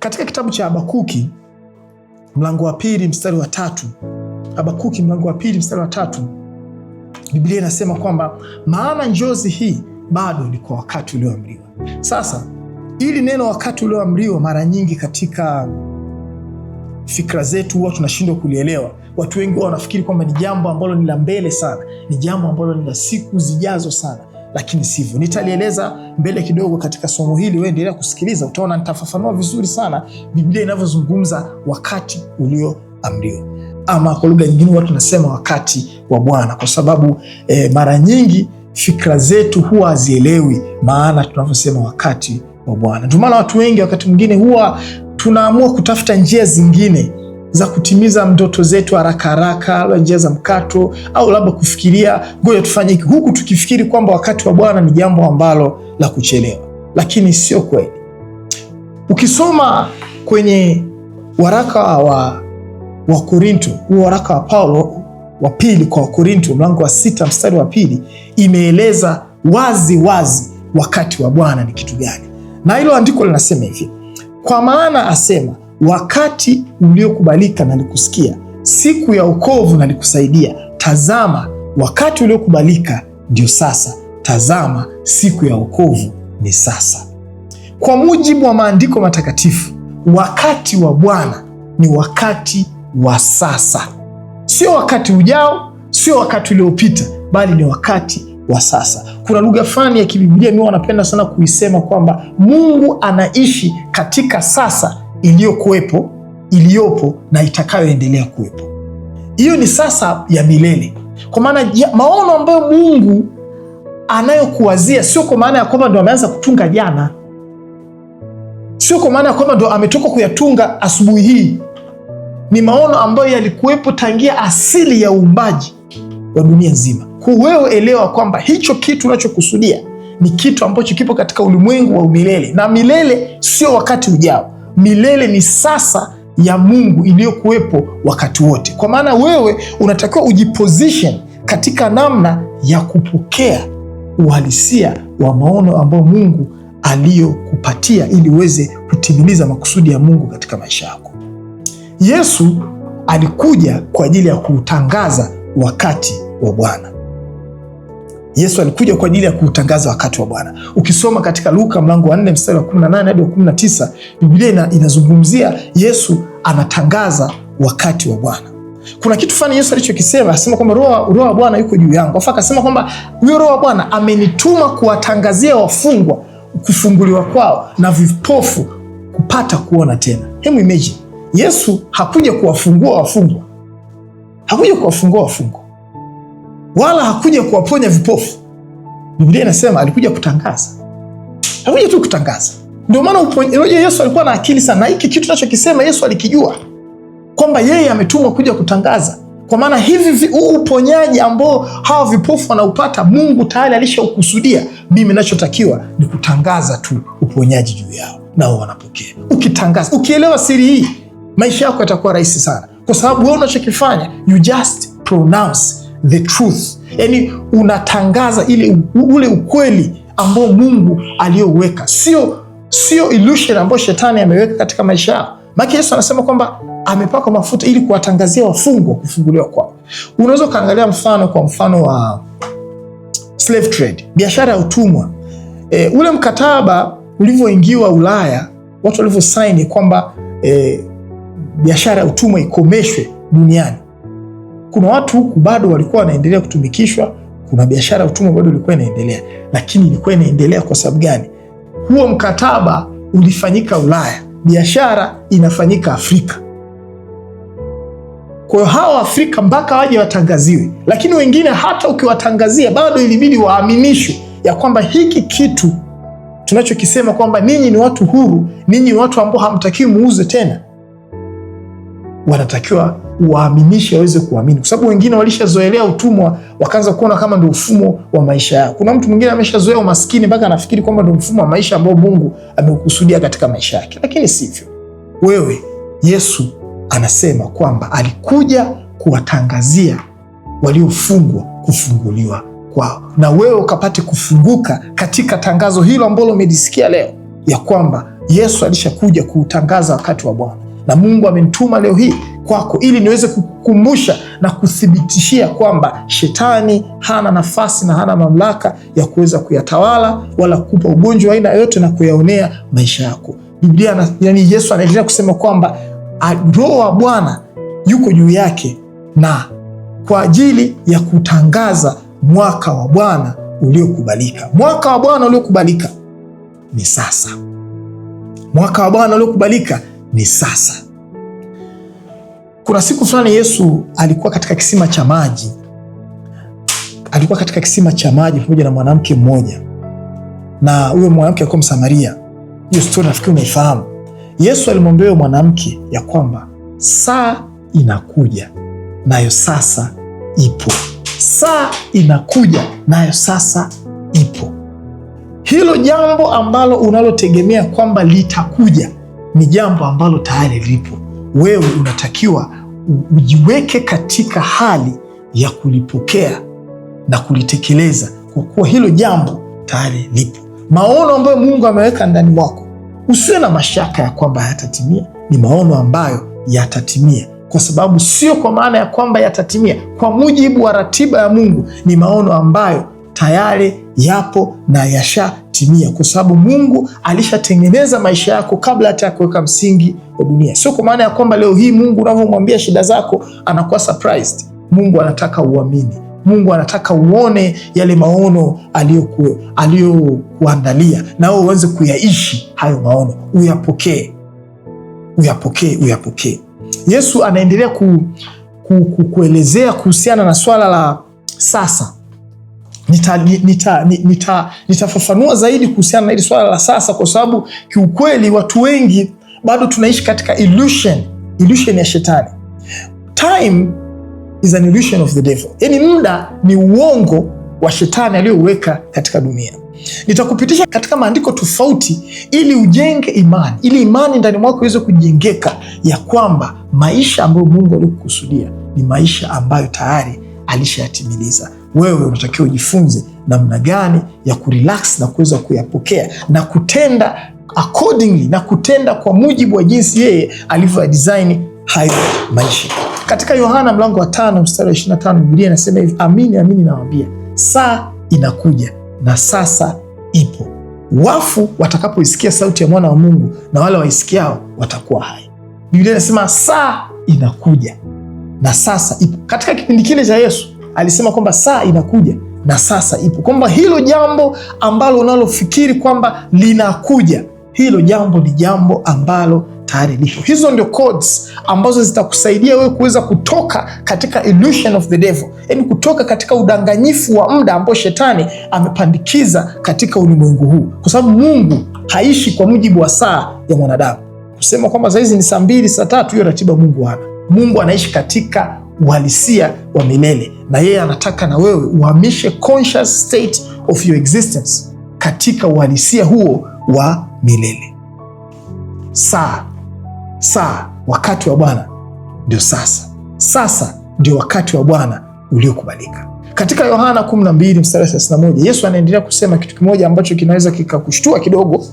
Katika kitabu cha Habakuki mlango wa pili mstari wa tatu Habakuki mlango wa pili mstari wa tatu Biblia inasema kwamba maana njozi hii bado ni kwa wakati ulioamriwa. Sasa ili neno wakati ulioamriwa, mara nyingi katika fikra zetu huwa tunashindwa kulielewa. Watu wengi huwa wanafikiri kwamba ni jambo ambalo ni la mbele sana, ni jambo ambalo ni la siku zijazo sana, lakini sivyo. Nitalieleza mbele kidogo katika somo hili, wewe endelea kusikiliza, utaona nitafafanua vizuri sana Biblia inavyozungumza wakati ulioamriwa, ama kwa lugha nyingine watu nasema wakati wa Bwana, kwa sababu eh, mara nyingi fikra zetu huwa hazielewi maana tunavyosema wakati wa Bwana. Ndio maana watu wengi wakati mwingine huwa tunaamua kutafuta njia zingine za kutimiza ndoto zetu haraka haraka, la njia za mkato, au labda kufikiria ngoja tufanye hiki, huku tukifikiri kwamba wakati wa Bwana ni jambo ambalo la kuchelewa, lakini sio kweli. Ukisoma kwenye waraka wa Korinto, huo waraka wa Paulo wa pili kwa Wakorinto mlango wa sita mstari wa pili imeeleza wazi wazi wakati wa Bwana ni kitu gani, na hilo andiko linasema hivi: kwa maana asema wakati uliokubalika na nikusikia, siku ya ukovu na nikusaidia. Tazama, wakati uliokubalika ndio sasa, tazama, siku ya ukovu ni sasa. Kwa mujibu wa maandiko matakatifu, wakati wa Bwana ni wakati wa sasa, sio wakati ujao, sio wakati uliopita, bali ni wakati wa sasa. Kuna lugha fulani ya kibiblia mi wanapenda sana kuisema kwamba Mungu anaishi katika sasa iliyokuwepo, iliyopo na itakayoendelea kuwepo. Hiyo ni sasa ya milele, kwa maana maono ambayo Mungu anayokuwazia sio kwa maana ya kwamba ndo ameanza kutunga jana, sio kwa maana ya kwamba ndo ametoka kuyatunga asubuhi hii. Ni maono ambayo yalikuwepo tangia asili ya uumbaji wa dunia nzima. Kwa wewe elewa kwamba hicho kitu unachokusudia ni kitu ambacho kipo katika ulimwengu wa umilele, na milele sio wakati ujao milele ni sasa ya Mungu iliyokuwepo wakati wote. Kwa maana wewe unatakiwa ujiposition katika namna ya kupokea uhalisia wa maono ambayo Mungu aliyokupatia ili uweze kutimiliza makusudi ya Mungu katika maisha yako. Yesu alikuja kwa ajili ya kuutangaza wakati wa Bwana. Yesu alikuja kwa ajili ya kuutangaza wakati wa Bwana. Ukisoma katika Luka mlango wa 4 mstari wa 18 hadi wa 19, Biblia inazungumzia Yesu anatangaza wakati wa Bwana. Kuna kitu fulani Yesu alichokisema, asema kwamba roho wa Bwana yuko juu yangu, afa akasema kwamba huyo roho wa Bwana amenituma kuwatangazia wafungwa kufunguliwa kwao na vipofu kupata kuona tena. Hebu imagine Yesu hakuja kuwafungua wafungwa, hakuja kuwafungua wafungwa wala hakuja kuwaponya vipofu. Biblia inasema alikuja kutangaza, hakuja tu kutangaza. Ndio maana uponyaji, Yesu alikuwa na akili sana, na hiki kitu tunachokisema Yesu alikijua kwamba yeye ametumwa kuja kutangaza, kwa maana hivi huu uponyaji ambao hawa vipofu wanaupata, Mungu tayari alishaukusudia. Mimi nachotakiwa ni kutangaza tu uponyaji juu yao, nao wanapokea. Ukitangaza, ukielewa siri hii, maisha yako yatakuwa rahisi sana, kwa sababu wewe unachokifanya you just pronounce the truth, yani unatangaza ile ule ukweli ambao Mungu aliyoweka, sio sio illusion ambayo shetani ameweka katika maisha yao. Maana Yesu anasema kwamba amepaka mafuta ili kuwatangazia wafungwa kufunguliwa kwao. Unaweza ukaangalia mfano kwa mfano wa slave trade, biashara ya utumwa. E, ule mkataba ulivyoingiwa Ulaya, watu walivyosaini kwamba e, biashara ya utumwa ikomeshwe duniani kuna watu huku bado walikuwa wanaendelea kutumikishwa, kuna biashara ya utumwa bado ilikuwa inaendelea. Lakini ilikuwa inaendelea kwa sababu gani? Huo mkataba ulifanyika Ulaya, biashara inafanyika Afrika. Kwa hiyo hawa Afrika mpaka waje watangaziwe, lakini wengine hata ukiwatangazia bado ilibidi waaminishwe ya kwamba hiki kitu tunachokisema kwamba ninyi ni watu huru, ninyi ni watu ambao hamtakiwi muuze tena, wanatakiwa uwaaminishe waweze kuamini, kwa sababu wengine walishazoelea utumwa wakaanza kuona kama ndio mfumo wa maisha yao. Kuna mtu mwingine ameshazoea umaskini mpaka anafikiri kwamba ndio mfumo wa maisha ambao Mungu ameukusudia katika maisha yake, lakini sivyo. Wewe, Yesu anasema kwamba alikuja kuwatangazia waliofungwa kufunguliwa kwao, na wewe ukapate kufunguka katika tangazo hilo ambalo umelisikia leo, ya kwamba Yesu alishakuja kuutangaza wakati wa Bwana na Mungu amenituma leo hii kwako, ili niweze kukumbusha na kuthibitishia kwamba shetani hana nafasi na hana mamlaka ya kuweza kuyatawala wala kupa ugonjwa wa aina yoyote na kuyaonea maisha yako. Biblia, yani Yesu anaendelea kusema kwamba Roho wa Bwana yuko juu yake na kwa ajili ya kutangaza mwaka wa Bwana uliokubalika. Mwaka wa Bwana uliokubalika ni sasa. Mwaka wa Bwana uliokubalika ni sasa. Kuna siku fulani Yesu alikuwa katika kisima cha maji, alikuwa katika kisima cha maji pamoja na mwanamke mmoja, na huyo mwanamke alikuwa Msamaria. Hiyo stori nafikiri unaifahamu. Yesu alimwambia huyo mwanamke ya kwamba saa inakuja nayo sasa ipo, saa inakuja nayo sasa ipo. Hilo jambo ambalo unalotegemea kwamba litakuja ni jambo ambalo tayari lipo. Wewe unatakiwa ujiweke katika hali ya kulipokea na kulitekeleza, kwa kuwa hilo jambo tayari lipo. Maono ambayo Mungu ameweka ndani mwako, usiwe na mashaka ya kwamba hayatatimia. Ni maono ambayo yatatimia, kwa sababu sio kwa maana ya kwamba yatatimia. Kwa mujibu wa ratiba ya Mungu, ni maono ambayo tayari yapo na yasha kutimia, kwa sababu Mungu alishatengeneza maisha yako kabla hata ya kuweka msingi wa dunia. Sio kwa maana ya kwamba leo hii Mungu unavyomwambia shida zako anakuwa surprised. Mungu anataka uamini, Mungu anataka uone yale maono aliyokuandalia na wewe uweze kuyaishi hayo maono, uyapokee, uyapokee, uyapokee. Yesu anaendelea ku, ku, ku, kuelezea kuhusiana na swala la sasa nitafafanua nita, nita, nita zaidi kuhusiana na hili swala la sasa, kwa sababu kiukweli watu wengi bado tunaishi katika illusion, illusion ya shetani. Time is an illusion of the devil, yani muda ni uongo wa shetani aliyoweka katika dunia. Nitakupitisha katika maandiko tofauti ili ujenge imani, ili imani ndani mwako iweze kujengeka ya kwamba maisha ambayo Mungu alikukusudia ni maisha ambayo tayari alishayatimiliza wewe unatakiwa ujifunze namna gani ya kurelax na kuweza kuyapokea na kutenda accordingly, na kutenda kwa mujibu wa jinsi yeye alivyo design hayo maisha. Katika Yohana mlango wa tano mstari wa 25 Biblia inasema hivi, amini amini nawaambia, saa inakuja na sasa ipo, wafu watakapoisikia sauti ya mwana wa Mungu na wale waisikiao watakuwa hai. Biblia inasema saa inakuja na sasa ipo. Katika kipindi kile cha Yesu alisema kwamba saa inakuja na sasa ipo, kwamba hilo jambo ambalo unalofikiri kwamba linakuja, hilo jambo ni jambo ambalo tayari lipo. Hizo ndio codes ambazo zitakusaidia wewe kuweza kutoka katika illusion of the devil, yani kutoka katika udanganyifu wa muda ambao shetani amepandikiza katika ulimwengu huu, kwa sababu Mungu haishi kwa mujibu wa saa ya mwanadamu. Kusema kwamba saa hizi ni saa mbili, saa tatu, hiyo ratiba Mungu hana. Mungu anaishi katika uhalisia wa milele, na yeye anataka na wewe uhamishe conscious state of your existence katika uhalisia huo wa milele. Saa saa, wakati wa Bwana ndio sasa. Sasa ndio wakati wa Bwana uliokubalika. Katika Yohana 12 mstari 31 Yesu anaendelea kusema kitu kimoja ambacho kinaweza kikakushtua kidogo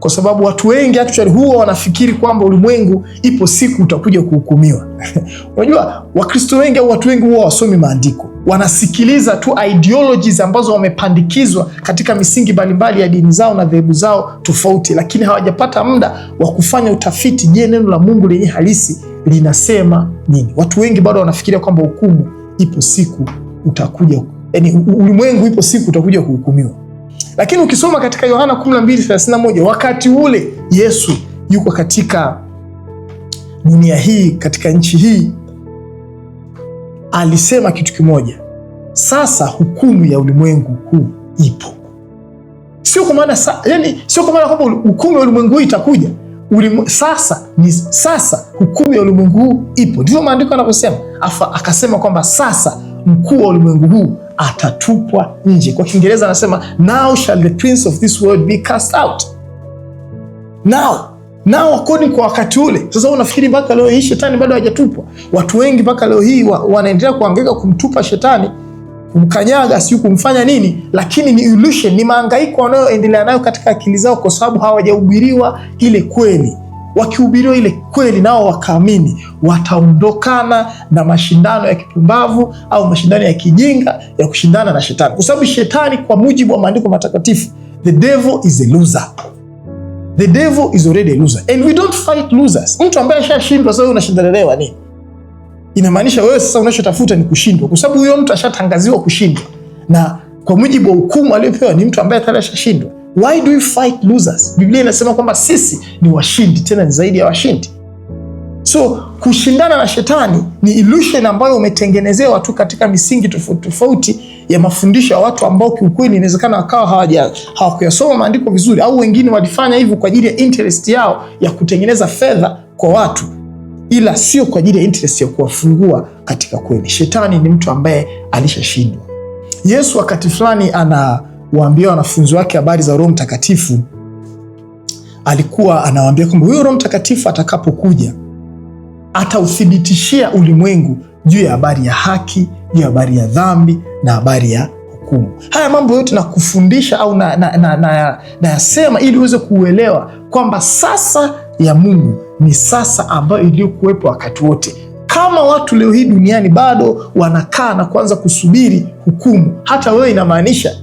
kwa sababu watu wengi actually huwa wanafikiri kwamba ulimwengu ipo siku utakuja kuhukumiwa. Unajua, Wakristo wengi au watu wengi huwa wasomi maandiko, wanasikiliza tu ideologies ambazo wamepandikizwa katika misingi mbalimbali ya dini zao na dhehebu zao tofauti, lakini hawajapata muda wa kufanya utafiti. Je, neno la Mungu lenye halisi linasema nini? Watu wengi bado wanafikiria kwamba hukumu ipo siku utakuja, yani ulimwengu ipo siku utakuja kuhukumiwa. Lakini ukisoma katika Yohana 12:31 wakati ule Yesu yuko katika dunia hii, katika nchi hii, alisema kitu kimoja, sasa hukumu ya ulimwengu huu ipo. Sio kwa maana yani, sio kwa maana kwamba hukumu ya ulimwengu huu itakuja Ulim, sasa ni sasa hukumu ya ulimwengu huu ipo, ndivyo maandiko yanavyosema. Afa akasema kwamba sasa mkuu wa ulimwengu huu atatupwa nje. Kwa Kiingereza anasema now shall the prince of this world be cast out. Now nao wakoni kwa wakati ule. Sasa unafikiri mpaka leo hii shetani bado hajatupwa? Watu wengi mpaka leo hii wa, wanaendelea kuhangaika kumtupa shetani, kumkanyaga, siu kumfanya nini, lakini ni illusion, ni mahangaiko wanayoendelea nayo katika akili zao, kwa sababu hawajahubiriwa ile kweli wakihubiriwa ile kweli nao wakaamini, wataondokana na mashindano ya kipumbavu au mashindano ya kijinga ya kushindana na shetani, kwa sababu shetani, kwa mujibu wa maandiko matakatifu, the devil is a loser. The devil is already a loser and we don't fight losers. Mtu ambaye ashashindwa sasa, unashindanelewa nini? Inamaanisha wewe sasa unachotafuta ni kushindwa, kwa sababu huyo mtu ashatangaziwa kushindwa, na kwa mujibu wa hukumu aliyopewa ni mtu ambaye tayari ashashindwa. Why do we fight losers? Biblia inasema kwamba sisi ni washindi, tena ni zaidi ya washindi. So kushindana na shetani ni illusion ambayo umetengenezewa tu katika misingi tofauti tofauti ya mafundisho ya watu ambao kiukweli inawezekana wakawa hawakuyasoma maandiko vizuri, au wengine walifanya hivyo kwa ajili ya interest yao ya kutengeneza fedha kwa watu, ila sio kwa ajili ya interest ya kuwafungua katika kweli. Shetani ni mtu ambaye alishashindwa. Yesu wakati fulani ana kuwaambia wanafunzi wake habari za Roho Mtakatifu, alikuwa anawaambia kwamba huyo Roho Mtakatifu atakapokuja atauthibitishia ulimwengu juu ya habari ya haki, juu ya habari ya dhambi na habari ya hukumu. Haya mambo yote nakufundisha au nayasema na, na, na, na ili uweze kuuelewa kwamba sasa ya Mungu ni sasa ambayo iliyokuwepo wakati wote. Kama watu leo hii duniani bado wanakaa na kuanza kusubiri hukumu, hata wewe inamaanisha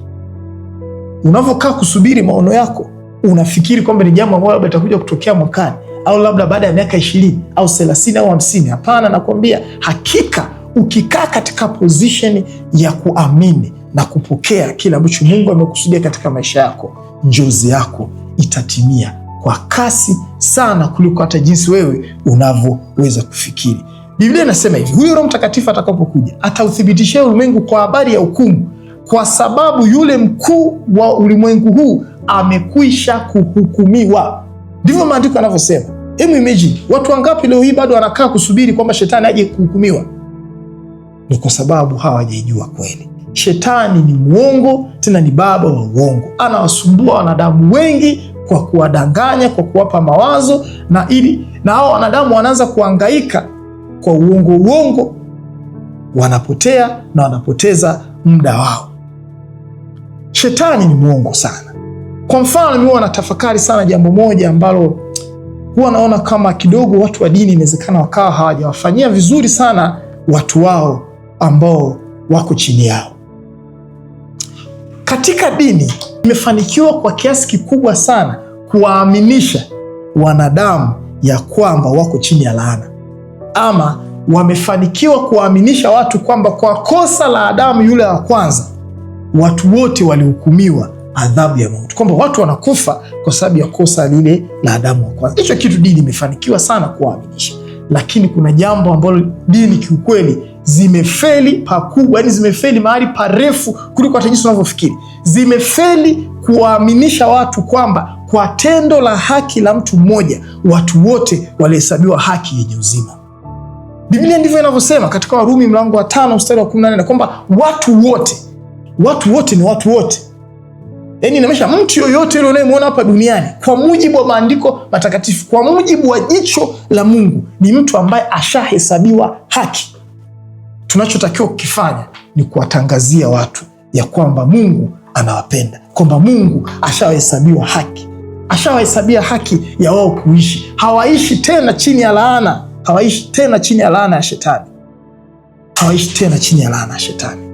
unavyokaa kusubiri maono yako unafikiri kwamba ni jambo ambalo labda itakuja kutokea mwakani au labda baada ya miaka ishirini au thelathini au hamsini. Hapana, nakuambia hakika, ukikaa katika pozisheni ya kuamini na kupokea kile ambacho Mungu amekusudia katika maisha yako, njozi yako itatimia kwa kasi sana kuliko hata jinsi wewe unavyoweza kufikiri. Biblia inasema hivi, huyo Roho Mtakatifu atakapokuja, atauthibitishia ulimwengu kwa habari ya hukumu kwa sababu yule mkuu wa ulimwengu huu amekwisha kuhukumiwa. Ndivyo maandiko yanavyosema. Hebu imagine watu wangapi leo hii bado wanakaa kusubiri kwamba shetani aje kuhukumiwa? Ni kwa sababu hawajaijua kweli. Shetani ni mwongo, tena ni baba wa uongo. Anawasumbua wanadamu wengi kwa kuwadanganya, kwa kuwapa mawazo na ili na hao wanadamu wanaanza kuangaika kwa uongo uongo, wanapotea na wanapoteza muda wao. Shetani ni mwongo sana. Kwa mfano, mimi wanatafakari sana jambo moja ambalo huwa naona kama kidogo watu wa dini inawezekana wakawa hawajawafanyia vizuri sana watu wao ambao wako chini yao. Katika dini imefanikiwa kwa kiasi kikubwa sana kuwaaminisha wanadamu ya kwamba wako chini ya laana, ama wamefanikiwa kuwaaminisha watu kwamba kwa kosa la Adamu yule wa kwanza watu wote walihukumiwa adhabu ya mauti, kwamba watu wanakufa kwa sababu ya kosa lile la Adamu wa kwanza. Hicho kitu dini imefanikiwa sana kuwaaminisha, lakini kuna jambo ambalo dini kiukweli zimefeli pakubwa, yani zimefeli mahali parefu kuliko hata jinsi unavyofikiri. Zimefeli kuwaaminisha watu kwamba kwa tendo la haki la mtu mmoja watu wote walihesabiwa haki yenye uzima. Biblia ndivyo inavyosema katika Warumi mlango wa tano mstari wa 14 kwamba watu wote watu wote ni watu wote, yaani inamaanisha mtu yoyote yule unayemwona hapa duniani kwa mujibu wa maandiko matakatifu, kwa mujibu wa jicho la Mungu ni mtu ambaye ashahesabiwa haki. Tunachotakiwa kukifanya ni kuwatangazia watu ya kwamba Mungu anawapenda, kwamba Mungu ashawahesabiwa haki, ashawahesabia haki ya wao kuishi. Hawaishi tena chini ya laana, hawaishi tena chini ya laana ya shetani, hawaishi tena chini ya laana ya shetani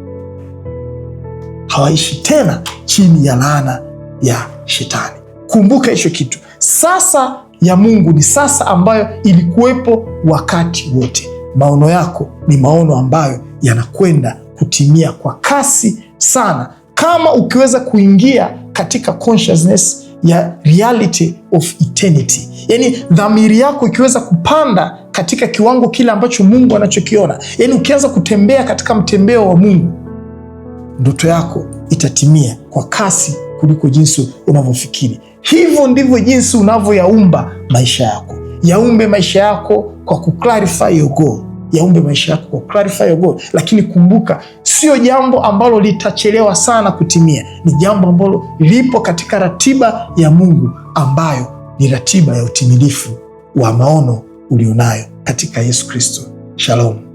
hawaishi tena chini ya laana ya shetani. Kumbuka hicho kitu. Sasa ya Mungu ni sasa ambayo ilikuwepo wakati wote. Maono yako ni maono ambayo yanakwenda kutimia kwa kasi sana, kama ukiweza kuingia katika consciousness ya reality of eternity, yani dhamiri yako ikiweza kupanda katika kiwango kile ambacho Mungu anachokiona, yani ukianza kutembea katika mtembeo wa Mungu ndoto yako itatimia kwa kasi kuliko jinsi unavyofikiri. Hivyo ndivyo jinsi unavyoyaumba maisha yako. Yaumbe maisha yako kwa kuclarify your goal, yaumbe maisha yako kwa clarify your goal. Lakini kumbuka, sio jambo ambalo litachelewa sana kutimia, ni jambo ambalo lipo katika ratiba ya Mungu ambayo ni ratiba ya utimilifu wa maono ulionayo katika Yesu Kristo. Shalom.